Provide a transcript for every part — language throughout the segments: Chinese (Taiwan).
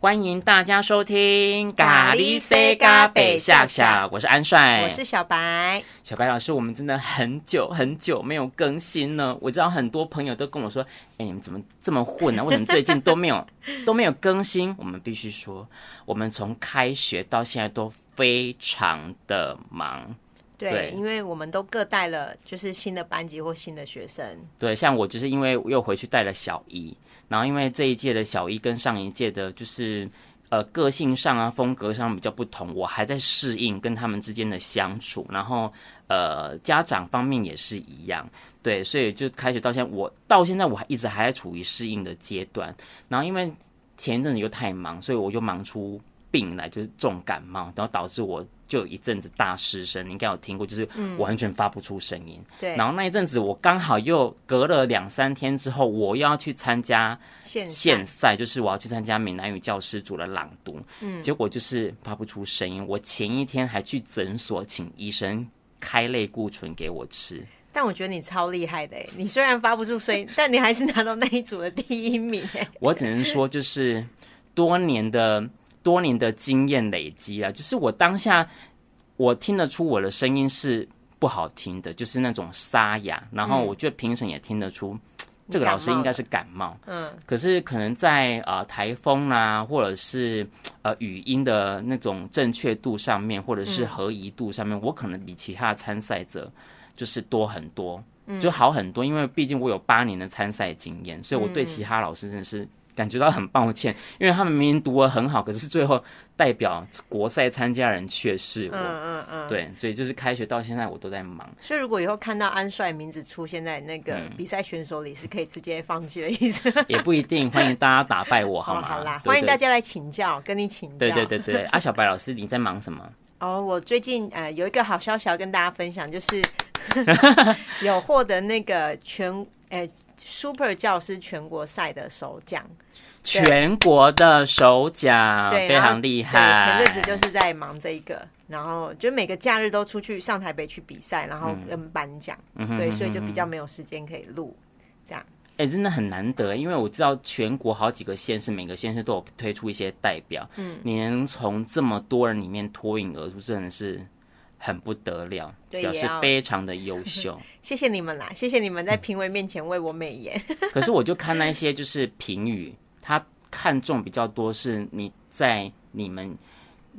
歡迎大家收聽咖喱西咖北夏夏，我是安帥，我是小白。小白老師，我們真的很久很久沒有更新了。我知道很多朋友都跟我說：“哎、欸，你們怎麼這麼混呢、啊？為什麼最近都沒有 都沒有更新？”我們必須說，我們從開學到現在都非常的忙。對，對，因為我們都各帶了就是新的班級或新的學生。對，像我就是因為又回去帶了小一。然後，因為這一屆的小一跟上一屆的，就是呃個性上啊、風格上比較不同，我還在適應跟他們之間的相處。然後，呃，家長方面也是一樣，對，所以就開學到現在，我到現在我還一直還在處於適應的階段。然後，因為前一陣子又太忙，所以我就忙出，病來就是重感冒，然後導致我就有一陣子大失聲，你應該有聽過，就是完全發不出聲音，嗯。對，然後那一陣子我剛好又隔了兩三天之後，我又要去參加縣賽現，就是我要去參加閩南語教師組的朗讀，嗯，結果就是發不出聲音。我前一天還去診所請醫生開類固醇給我吃。但我覺得你超厲害的，你雖然發不出聲音， 但你還是拿到那一組的第一名。我只能說，就是多年的。多年的經驗累積了、啊，就是我當下我聽得出我的聲音是不好聽的，就是那種沙啞。然後我覺得評審也聽得出、嗯，這個老師應該是感冒，感冒。嗯。可是可能在呃颱風啊，或者是呃語音的那種正確度上面，或者是合宜度上面，嗯，我可能比其他參賽者就是多很多、嗯，就好很多。因為畢竟我有八年的參賽經驗，所以我對其他老師真的是。嗯感覺到很抱歉，因為他們明明讀得很好，可是最後代表國賽參加人卻是我。嗯嗯，嗯對，所以就是開學到現在，我都在忙。所以如果以後看到安帥名字出現在那個比賽選手裡，是可以直接放棄的意思。嗯、 也不一定，歡迎大家打敗我好嗎？哦、好啦對對對，歡迎大家來請教，跟你請教。對對對對，阿、啊、小白老師，你在忙什麼？哦，我最近呃有一個好消息要跟大家分享，就是 有獲得那個全、欸 Super 教師全國賽的首獎，全國的首獎非常厲害。前陣子就是在忙這一個，然後就每個假日都出去上台北去比賽，然後跟頒獎，嗯。對，嗯哼嗯哼，所以就比較沒有時間可以錄這樣。哎、欸，真的很難得，因為我知道全國好幾個縣市，每個縣市都有推出一些代表。嗯，你能從這麼多人裡面脫穎而出，真的是。很不得了，表示非常的優秀。 謝謝你們啦，謝謝你們在評委面前為我美言。 可是我就看那些就是評語， 他看重比較多是你在你們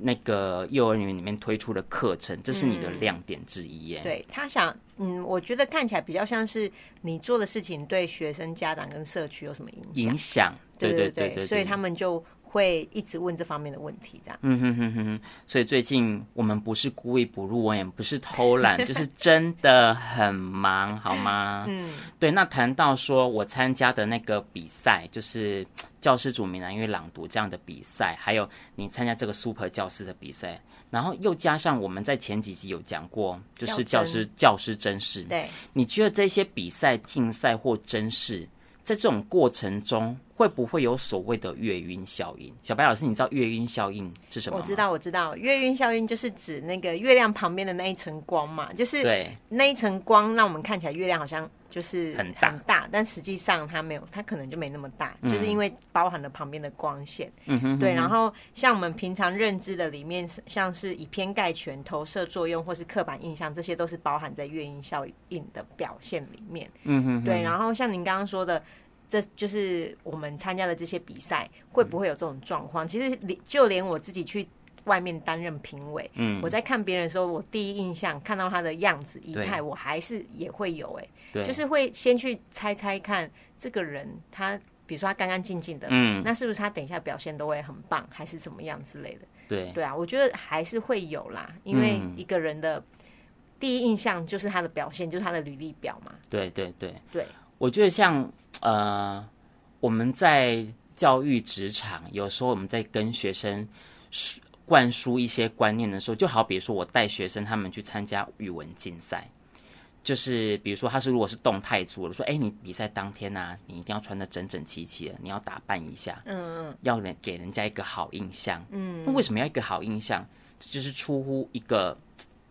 那個幼兒園裡面推出的課程，這是你的亮點之一耶。嗯、對他想，嗯，我覺得看起來比較像是你做的事情對學生、家長跟社區有什麼影響？影響？對對對，對，所以他們就。會一直問這方面的問題，這樣。嗯哼哼哼，所以最近我們不是故意不錄，我也不是偷懶， 就是真的很忙，好嗎？嗯，對。那談到說我參加的那個比賽，就是教師組閩南語朗讀這樣的比賽，還有你參加這個 Super 教師的比賽，然後又加上我們在前幾集有講過，就是教師教師甄試。對，你覺得這些比賽、競賽或甄試在這種過程中，會不會有所謂的月暈效應？小白老師，你知道月暈效應是什麼嗎？我知道，我知道，月暈效應就是指那個月亮旁邊的那一層光嘛，就是對那一層光讓我們看起來月亮好像。就是很大，很大但實際上它沒有，它可能就沒那麼大，嗯、就是因為包含了旁邊的光線。嗯哼哼對，然後像我們平常認知的裡面，像是以偏概全、投射作用或是刻板印象，這些都是包含在月暈效應的表現裡面。嗯哼、哼，對，然後像您剛剛說的，這就是我們參加的這些比賽會不會有這種狀況，嗯？其實連就連我自己去。外面擔任評委，嗯，我在看別人的時候，我第一印象看到他的樣子、儀態，我還是也會有哎、欸，對，就是會先去猜猜看，這個人他，比如說他乾乾淨淨的，嗯，那是不是他等一下表現都會很棒，還是怎麼樣之類的？對，對啊，我覺得還是會有啦，因為一個人的第一印象就是他的表現，嗯、就是他的履歷表嘛。對對對對，我覺得像呃，我們在教育職場，有時候我們在跟學生。灌輸一些觀念的時候，就好比如說，我帶學生他們去參加語文競賽，就是比如說，他是如果是動態組的，說，哎，你比賽當天啊，你一定要穿得整整齊齊的，你要打扮一下，嗯，要人給人家一個好印象，嗯，那為什麼要一個好印象？就是出乎一個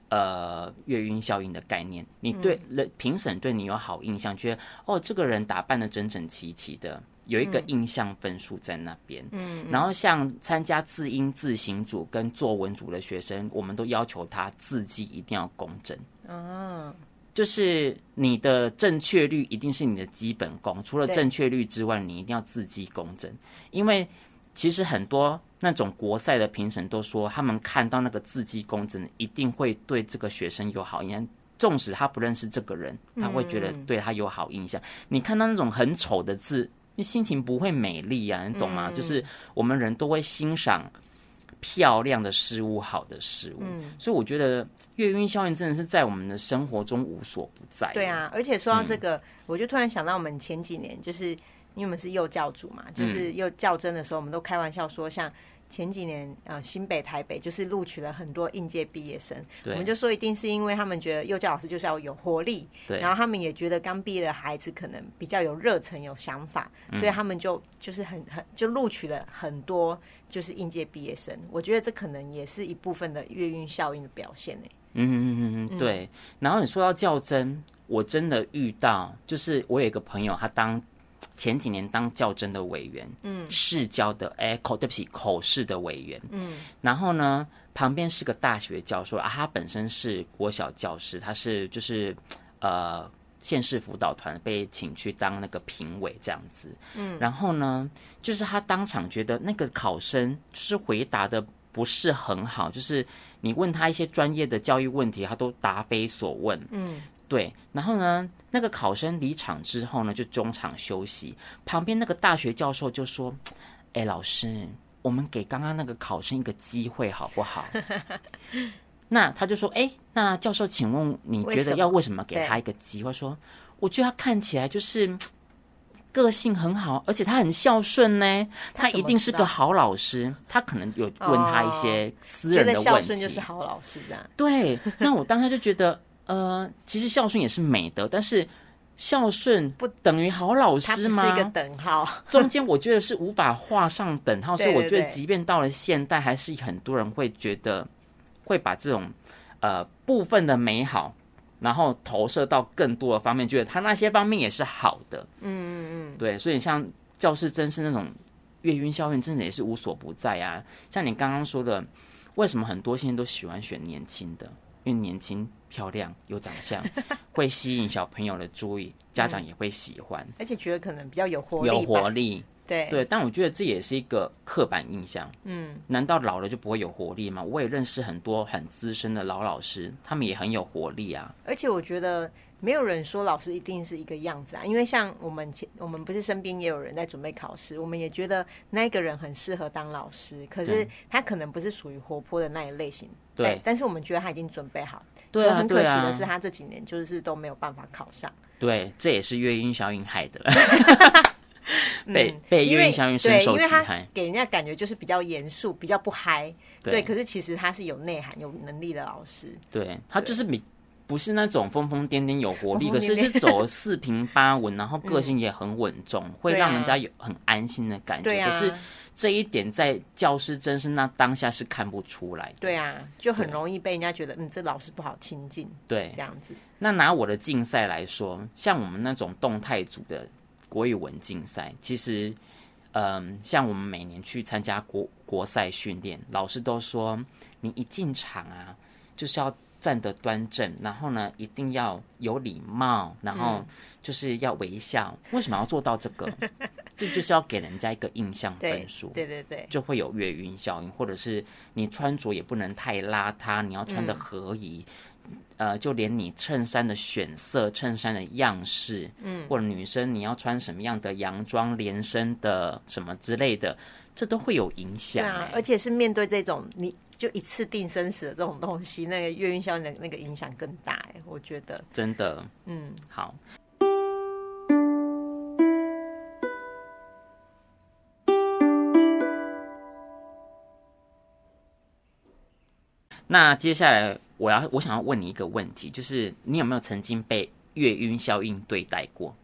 呃月暈效應的概念，你對人評審對你有好印象，覺得哦，這個人打扮得整整齊齊的。有一個印象分數在那邊，嗯，然後像參加字音字形組跟作文組的學生，我們都要求他字跡一定要工整。嗯，就是你的正確率一定是你的基本功，除了正確率之外，你一定要字跡工整。因為其實很多那種國賽的評審都說，他們看到那個字跡工整，一定會對這個學生有好印象。縱使他不認識這個人，他會覺得對他有好印象。你看到那種很醜的字。心情不會美麗啊，你懂嗎？嗯嗯，就是我們人都會欣賞漂亮的事物、好的事物，嗯嗯，所以我覺得月暈效應真的是在我們的生活中無所不在。對啊，而且說到這個，嗯、我就突然想到，我們前幾年就是因為我們是幼教組嘛，就是幼教真的時候，我們都開玩笑說、嗯、像。前幾年，呃，新北、台北就是錄取了很多應屆畢業生，對，我們就說一定是因為他們覺得幼教老師就是要有活力，對，然後他們也覺得剛畢業的孩子可能比較有熱忱、有想法，所以他們就、嗯、就是很很就錄取了很多就是應屆畢業生。我覺得這可能也是一部分的月暈效應的表現呢、欸。嗯嗯嗯嗯，對。然後你說到較真，我真的遇到，就是我有一個朋友，他當。前幾年當教甄的委員，嗯，市教的哎、欸、口對不起口試的委員，嗯，然後呢旁邊是個大學教授啊，他本身是國小教師，他是就是呃縣市輔導團被請去當那個評委這樣子，嗯，然後呢就是他當場覺得那個考生就是回答的不是很好，就是你問他一些專業的教育問題，他都答非所問，嗯。對，然後呢，那個考生離場之後呢，就中場休息。旁邊那個大學教授就說：“哎，老師，我們給剛剛那個考生一個機會好不好？” 那他就說：“哎，那教授，請問你覺得要為什麼給他一個機會？說我覺得他看起來就是個性很好，而且他很孝順呢，他一定是個好老師。他可能有問他一些私人的問題，哦、孝順就是好老師、啊、對，那我當時就覺得。 ”呃，其實孝順也是美德，但是孝順不等於好老師嗎？是一個等號，中間我覺得是無法畫上等號， 所以我覺得即便到了現代，還是很多人會覺得會把這種呃部分的美好，然後投射到更多的方面，覺得他那些方面也是好的。嗯嗯嗯，對。所以像教師真是那種月暈孝順，真的也是無所不在啊。像你剛剛說的，為什麼很多現在都喜歡選年輕的？因為年輕、漂亮、有長相，會吸引小朋友的注意， 家長也會喜歡，嗯，而且覺得可能比較有活力。有活力，對對。但我覺得這也是一個刻板印象。嗯，難道老了就不會有活力嗎？我也認識很多很資深的老老師，他們也很有活力啊。而且我覺得。沒有人說老師一定是一個樣子啊，因為像我們前，我們不是身邊也有人在準備考試，我們也覺得那個人很適合當老師，可是他可能不是屬於活潑的那一類型，對。對，但是我們覺得他已經準備好，對、啊。很可惜的是，他這幾年就是都沒有辦法考上。對、啊對，啊嗯對，這也是月暈效應害的， 被、嗯、被月暈效應深受其害，因為因為他給人家感覺就是比較嚴肅，比較不嗨對。對，可是其實他是有內涵、有能力的老師。對，對他就是比。不是那種瘋瘋癲癲有活力，哦，可是是走四平八穩， 然後個性也很穩重，嗯，會讓人家有很安心的感覺。對啊，可是這一點在教師真是那當下是看不出來。對啊，就很容易被人家覺得，嗯，這老師不好親近。對，這樣子。那拿我的競賽來說，像我們那種動態組的國語文競賽，其實，嗯、呃，像我們每年去參加國國賽訓練，老師都說，你一進場啊，就是要。站得端正，然後呢，一定要有禮貌，然後就是要微笑。嗯、為什麼要做到這個？這 就，就是要給人家一個印象分數。對對，對對，就會有月暈效應，或者是你穿着也不能太邋遢，你要穿得合宜、嗯。呃，就連你襯衫的選色、襯衫的樣式，嗯，或者女生你要穿什麼樣的洋裝、連身的什麼之類的，這都會有影響、欸嗯。而且是面對這種你。就一次定生死的這種東西，那個、月暈效應的那個影響更大哎、欸，我覺得真的，嗯，好。嗯、那接下來我要我想要問你一個問題，就是你有沒有曾經被月暈效應對待過？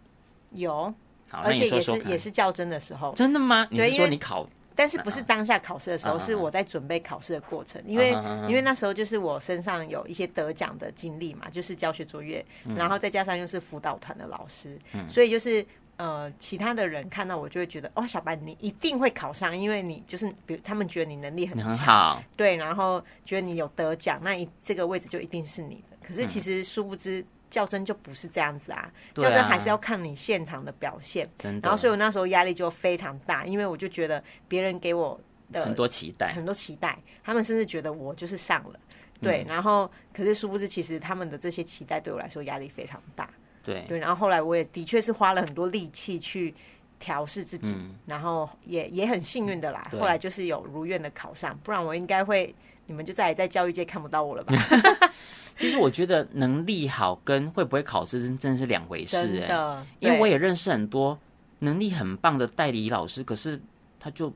有，好，而且你說說也是也是較真的時候，真的嗎？你是說你考。但是不是當下考試的時候，是我在準備考試的過程。哦、呵呵呵因為、嗯、因為那時候就是我身上有一些得獎的經歷嘛，就是教學卓越，嗯、然後再加上又是輔導團的老師、嗯，所以就是呃，其他的人看到我就會覺得，哦，小白你一定會考上，因為你就是比如他們覺得你能力很強，對，然後覺得你有得獎，那一這個位置就一定是你的。可是其實殊不知。較真就不是這樣子啊，較真、啊，還是要看你現場的表現。然後，所以我那時候壓力就非常大，因為我就覺得別人給我的很多期待，很多期待，他們甚至覺得我就是上了。嗯、對，然後可是殊不知，其實他們的這些期待對我來說壓力非常大。對對，然後後來我也的確是花了很多力氣去調試自己、嗯，然後也也很幸運的啦，後來就是有如願的考上，不然我應該會你們就再也在教育界看不到我了吧。 其實我覺得能力好跟會不會考試真的是兩回事哎、欸，因為我也認識很多能力很棒的代理老師，可是他就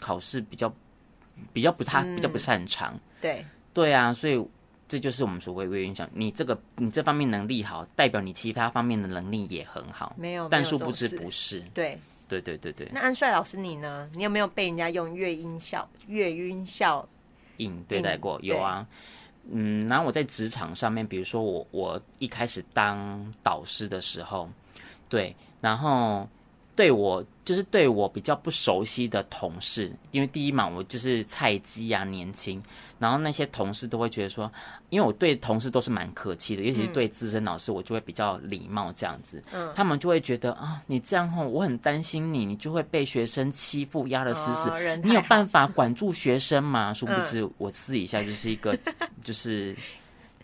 考試比較比較不太比較不擅長。對對啊，所以這就是我們所謂的“月暈效應”。你這個你這方面能力好，代表你其他方面的能力也很好。沒有，但殊不知不是。對對對對對。那安帥老師你呢？你有沒有被人家用“月暈效”“月暈效應”對待過？有啊。嗯，然後我在職場上面，比如說我我一開始當導師的時候，對，然後。對我就是對我比較不熟悉的同事，因為第一嘛，我就是菜雞啊，年輕。然後那些同事都會覺得說，因為我對同事都是蠻客氣的、嗯，尤其是對資深老師，我就會比較禮貌這樣子。嗯、他們就會覺得啊，你這樣吼，我很擔心你，你就會被學生欺負壓得死死。哦、你有辦法管住學生嗎？殊不知我私底下就是一個，嗯、就是。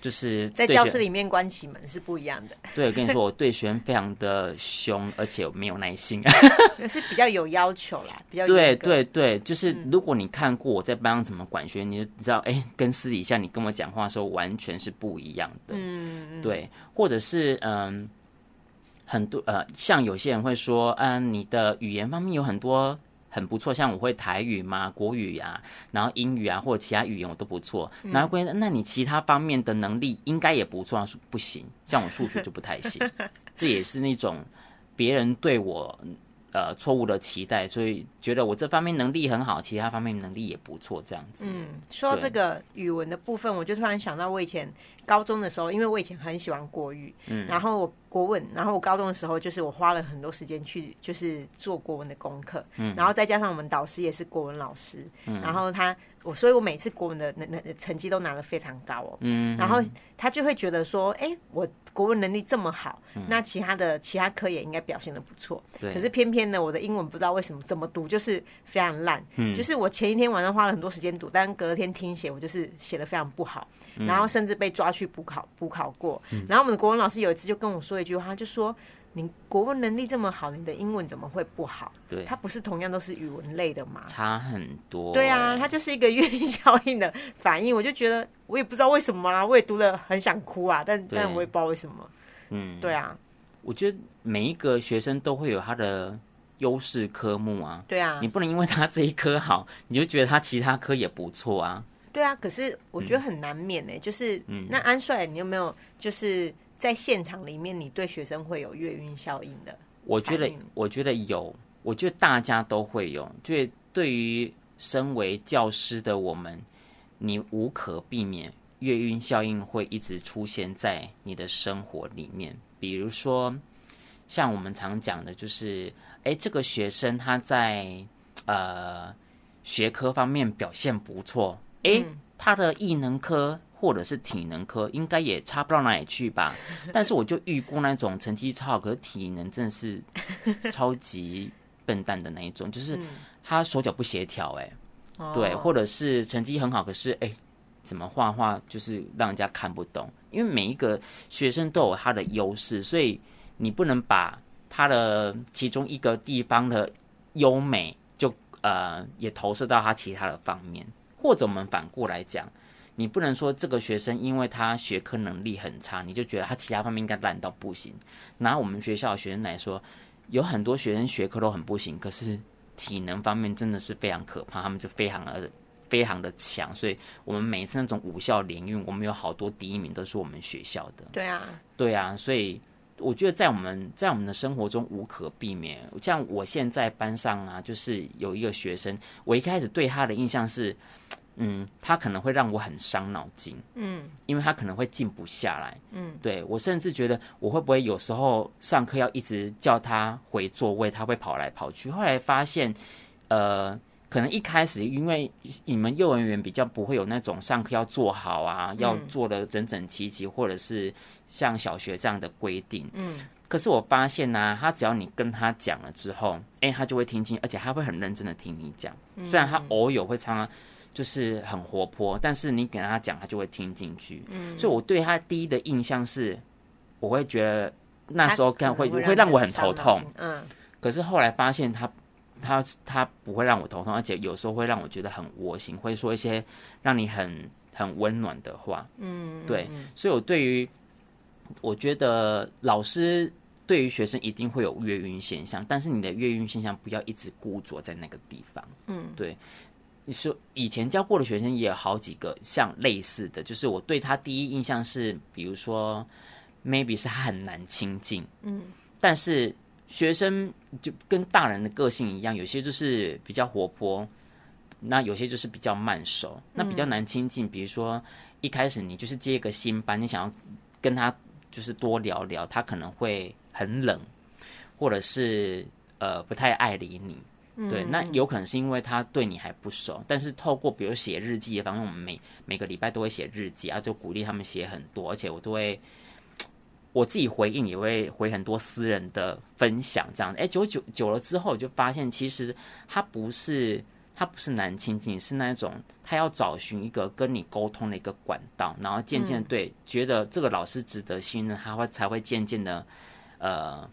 就是在教室裡面關起門是不一樣的。對，我跟你說，我對學員非常的凶， 而且我沒有耐心， 是比較有要求啦。比較對對對，就是如果你看過我在班上怎麼管學員、嗯、你就知道，哎、欸，跟私底下你跟我講話的時候完全是不一樣的。嗯，對，或者是嗯，很多呃，像有些人會說，嗯、啊，你的語言方面有很多。很不錯，像我會台語嘛、國語呀、啊，然後英語啊，或者其他語言我都不錯。那關鍵，那你其他方面的能力應該也不錯、啊，不行，像我數學就不太行， 這也是那種別人對我。呃，錯誤的期待，所以覺得我這方面能力很好，其他方面能力也不錯，這樣子。嗯，說這個語文的部分，我就突然想到，我以前高中的時候，因為我以前很喜歡國語，嗯，然後我國文，然後我高中的時候就是我花了很多時間去就是做國文的功課，嗯，然後再加上我們導師也是國文老師，嗯，然後他。我所以，我每次國文的能能成績都拿得非常高哦。嗯。然後他就會覺得說，哎、欸，我國文能力這麼好，嗯、那其他的其他科也應該表現得不錯。可、就是偏偏呢，我的英文不知道為什麼怎麼讀就是非常爛。嗯。就是我前一天晚上花了很多時間讀，但隔隔天聽寫我就是寫得非常不好。然後甚至被抓去補考，補考過。然後我們的國文老師有一次就跟我說一句話，他就說。你國文能力這麼好，你的英文怎麼會不好？對，它不是同樣都是語文類的嗎？差很多，欸。對啊，它就是一個月暈效應的反應。我就覺得，我也不知道為什麼啊，我也讀得很想哭啊，但但我也不知道為什麼。嗯，對啊。我覺得每一個學生都會有他的優勢科目啊。對啊。你不能因為他這一科好，你就覺得他其他科也不錯啊。對啊，可是我覺得很難免呢、欸嗯。就是，嗯、那安帥，你有沒有就是？在現場裡面，你對學生會有月暈效應的應？我覺得，我覺得有，我覺得大家都會有。就對於身為教師的我們，你無可避免月暈效應會一直出現在你的生活裡面。比如說，像我們常講的，就是哎、欸，這個學生他在呃學科方面表現不錯、欸嗯，他的藝能科。或者是體能科，應該也差不到哪裡去吧。但是我就預估那種成績超好，可是體能真是超級笨蛋的那一種，就是他手腳不協調。哎，對，或者是成績很好，可是誒、欸、怎麼畫畫就是讓人家看不懂。因為每一個學生都有他的優勢，所以你不能把他的其中一個地方的優美，就呃，也投射到他其他的方面。或者我們反過來講。你不能說這個學生因為他學科能力很差，你就覺得他其他方面應該爛到不行。拿我們學校的學生來說，有很多學生學科都很不行，可是體能方面真的是非常可怕，他們就非常的非常的強。所以，我們每一次那種五校聯運，我們有好多第一名都是我們學校的。對啊，對啊，所以我覺得在我們在我們的生活中無可避免。像我現在班上啊，就是有一個學生，我一開始對他的印象是。嗯，他可能會讓我很傷腦筋，嗯，因為他可能會靜不下來，嗯，對我甚至覺得我會不會有時候上課要一直叫他回座位，他會跑來跑去。後來發現，呃，可能一開始因為你們幼兒園比較不會有那種上課要坐好啊，嗯、要坐得整整齊齊，或者是像小學這樣的規定，嗯，可是我發現呢、啊，他只要你跟他講了之後，哎、欸，他就會聽清，而且他會很認真的聽你講、嗯，雖然他偶爾會常常。就是很活潑，但是你給他講，他就會聽進去。嗯，所以我對他第一的印象是，我會覺得那時候看會會讓我很頭痛。嗯，可是後來發現他他他不會讓我頭痛，而且有時候會讓我覺得很窩心，會說一些讓你很很溫暖的話。嗯，對。嗯，所以我對於我覺得老師對於學生一定會有月暈現象，但是你的月暈現象不要一直固着在那個地方。嗯，對。你說以前教過的學生也有好幾個，像類似的，就是我對他第一印象是，比如說，maybe 是他很難親近，嗯，但是學生就跟大人的個性一樣，有些就是比較活潑，那有些就是比較慢熟，那比較難親近，嗯。比如說一開始你就是接一個新班，你想要跟他就是多聊聊，他可能會很冷，或者是呃不太愛理你。對，那有可能是因為他對你還不熟，嗯、但是透過比如寫日記的方我們每每個禮拜都會寫日記啊，就鼓勵他們寫很多，而且我都會我自己回應，也會回很多私人的分享，這樣子。哎、欸，久久久了之後，我就發現其實他不是他不是難親近，是那種他要找尋一個跟你溝通的一個管道，然後漸漸、嗯、對覺得這個老師值得信任，他會才會漸漸的呃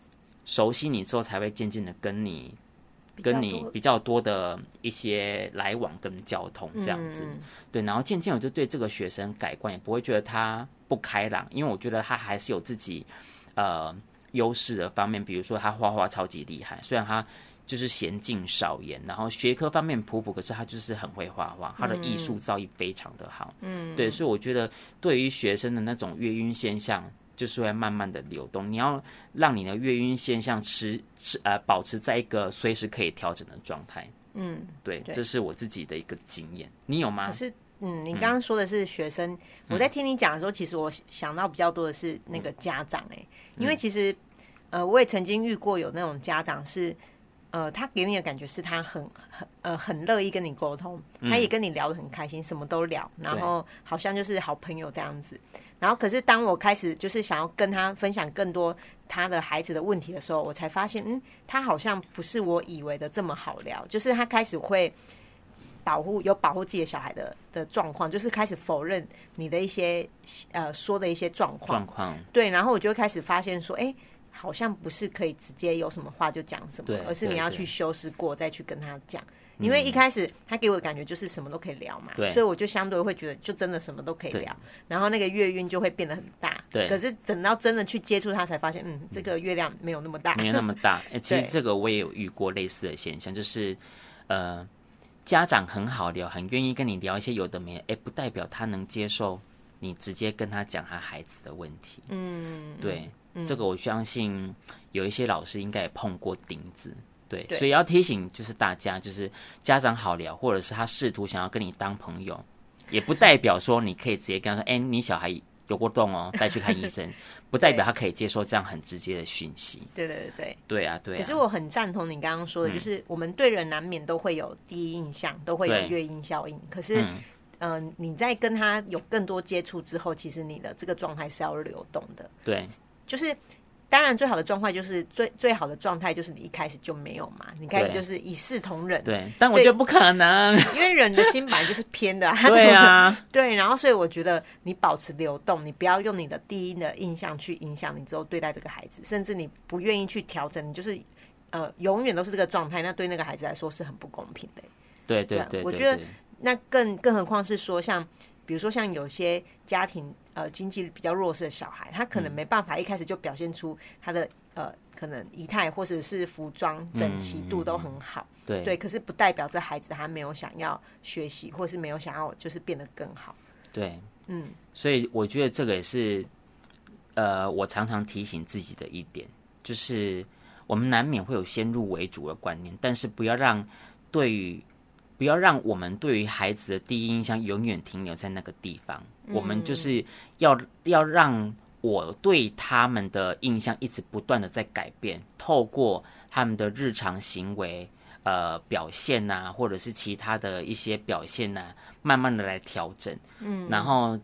熟悉你之後，才會漸漸的跟你。跟你比較多的一些來往跟交通這樣子，嗯，對，然後漸漸我就對這個學生改觀，也不會覺得他不開朗，因為我覺得他還是有自己呃優勢的方面，比如說他畫畫超級厲害，雖然他就是嫻靜少言，然後學科方面普普，可是他就是很會畫畫，嗯，他的藝術造詣非常的好。嗯，對，所以我覺得對於學生的那種月暈現象。就是會慢慢的流動，你要讓你的月暈現象持持呃保持在一個隨時可以調整的狀態。嗯對，對，這是我自己的一個經驗，你有嗎？可是，嗯，你剛剛說的是學生，嗯、我在聽你講的時候，其實我想到比較多的是那個家長哎、欸嗯，因為其實呃，我也曾經遇過有那種家長是呃，他給你的感覺是他很很呃很樂意跟你溝通、嗯，他也跟你聊得很開心，什麼都聊，然後好像就是好朋友這樣子。然後，可是當我開始就是想要跟他分享更多他的孩子的問題的時候，我才發現，嗯，他好像不是我以為的這麼好聊。就是他開始會保護，有保護自己的小孩的的狀況，就是開始否認你的一些呃說的一些狀況。狀況。對，然後我就開始發現說，哎，好像不是可以直接有什麼話就講什麼，而是你要去修飾過，對對，再去跟他講。因為一開始他給我的感覺就是什麼都可以聊嘛，嗯、所以我就相對會覺得就真的什麼都可以聊，然後那個月暈就會變得很大。對。可是等到真的去接觸他，才發現嗯，嗯，這個月亮沒有那麼大。沒有那麼大。哎、 欸，其實這個我也有遇過類似的現象，就是，呃，家長很好聊，很願意跟你聊一些有的沒，哎、欸，不代表他能接受你直接跟他講他孩子的問題。嗯。對。嗯、這個我相信有一些老師應該也碰過釘子。對，所以要提醒就是大家，就是家長好聊，或者是他試圖想要跟你當朋友，也不代表說你可以直接跟他說：“哎、 欸，你小孩有過動哦，帶去看醫生。”不代表他可以接受這樣很直接的訊息。對對對對。對啊，對啊，可是我很贊同你剛剛說的、嗯，就是我們對人難免都會有第一印象，都會有月暈效應。可是，嗯、呃，你在跟他有更多接觸之後，其實你的這個狀態是要流動的。對，就是。當然最、就是最，最好的狀態就是最最好的狀態就是你一開始就沒有嘛，你開始就是一視同仁。對，但我覺得不可能，因為人的心本來就是偏的、啊。 對啊，對，然後所以我覺得你保持流動，你不要用你的第一的印象去影響你之後對待這個孩子，甚至你不願意去調整，你就是呃永遠都是這個狀態，那對那個孩子來說是很不公平的、欸。對對對，對，對對對，我覺得那更更何況是說像比如說像有些家庭。呃，經濟比較弱勢的小孩，他可能沒辦法、嗯、一開始就表現出他的呃，可能儀態或者是、是服裝整齊度都很好、嗯嗯。對，對，可是不代表這孩子他沒有想要學習，或是沒有想要就是變得更好。對，嗯，所以我覺得這個也是呃，我常常提醒自己的一點，就是我們難免會有先入為主的觀念，但是不要讓對於不要讓我們對於孩子的第一印象永遠停留在那個地方。我們就是要要讓我對他們的印象一直不斷的在改變，透過他們的日常行為、呃表現吶、啊，或者是其他的一些表現吶、啊，慢慢的來調整，嗯，然後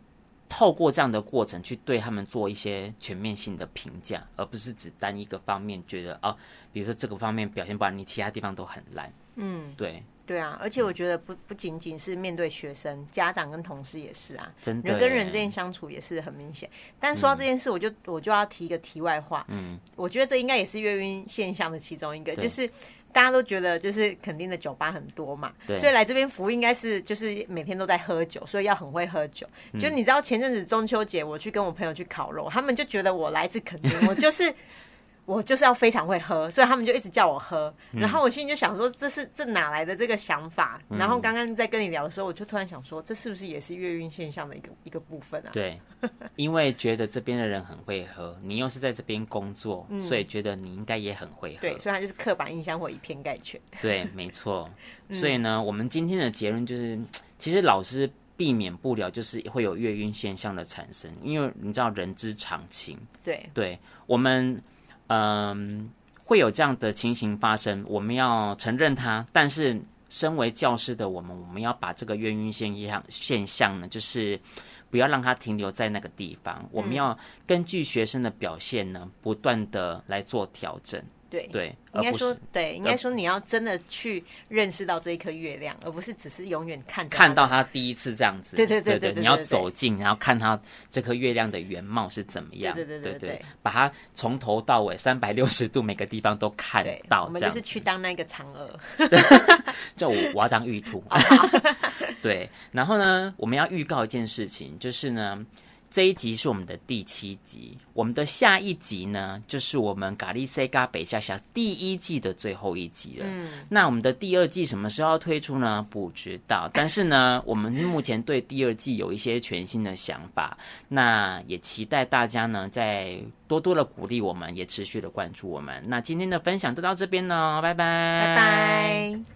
透過這樣的過程去對他們做一些全面性的評價，而不是只單一個方面覺得啊，比如說這個方面表現不好，你其他地方都很爛。嗯，對對啊，而且我覺得不不僅僅是面對學生、嗯，家長跟同事也是啊，真的。人跟人之間相處也是很明顯。但說到這件事，我就、嗯、我就要提一個題外話，嗯，我覺得這應該也是月暈現象的其中一個，就是大家都覺得就是墾丁的酒吧很多嘛，對，所以來這邊服務應該是就是每天都在喝酒，所以要很會喝酒。就你知道前陣子中秋節我去跟我朋友去烤肉，嗯、他們就覺得我來自墾丁， 我就是。我就是要非常會喝，所以他們就一直叫我喝。然後我心裡就想說，這是這哪來的這個想法？嗯、然後剛剛在跟你聊的時候，我就突然想說，這是不是也是月暈現象的一個一個部分啊？對，因為覺得這邊的人很會喝，你又是在這邊工作、嗯，所以覺得你應該也很會喝。對，所以他就是刻板印象或以偏概全。對，沒錯。所以呢，我們今天的結論就是、嗯，其實老師避免不了，就是會有月暈現象的產生，因為你知道人之常情。對，對我們。嗯，會有這樣的情形發生，我們要承認它。但是，身為教師的我們，我們要把這個月暈現象呢，就是不要讓它停留在那個地方，嗯。我們要根據學生的表現呢，不斷的來做調整。對對，該對，對，應該說對，應該說你要真的去認識到這一顆月亮，而不是只是永遠看看到它第一次這樣子。對對對對，對，你要走近，對對對對對，然後看它這顆月亮的原貌是怎麼樣。對對對，對，對，對，對，對，對，對把它從頭到尾三百六十度每個地方都看到。我們就是去當那個嫦娥， 就我，我要當玉兔。 對，然後呢，我們要預告一件事情，就是呢。這一集是我們的第七集，我們的下一集呢，就是我們咖喱西嘎北下下第一季的最後一集了。嗯，那我們的第二季什麼時候推出呢？不知道，但是呢，我們目前對第二季有一些全新的想法，嗯，那也期待大家呢再多多的鼓勵我們，也持續的關注我們。那今天的分享就到這邊嘍，拜拜，拜拜。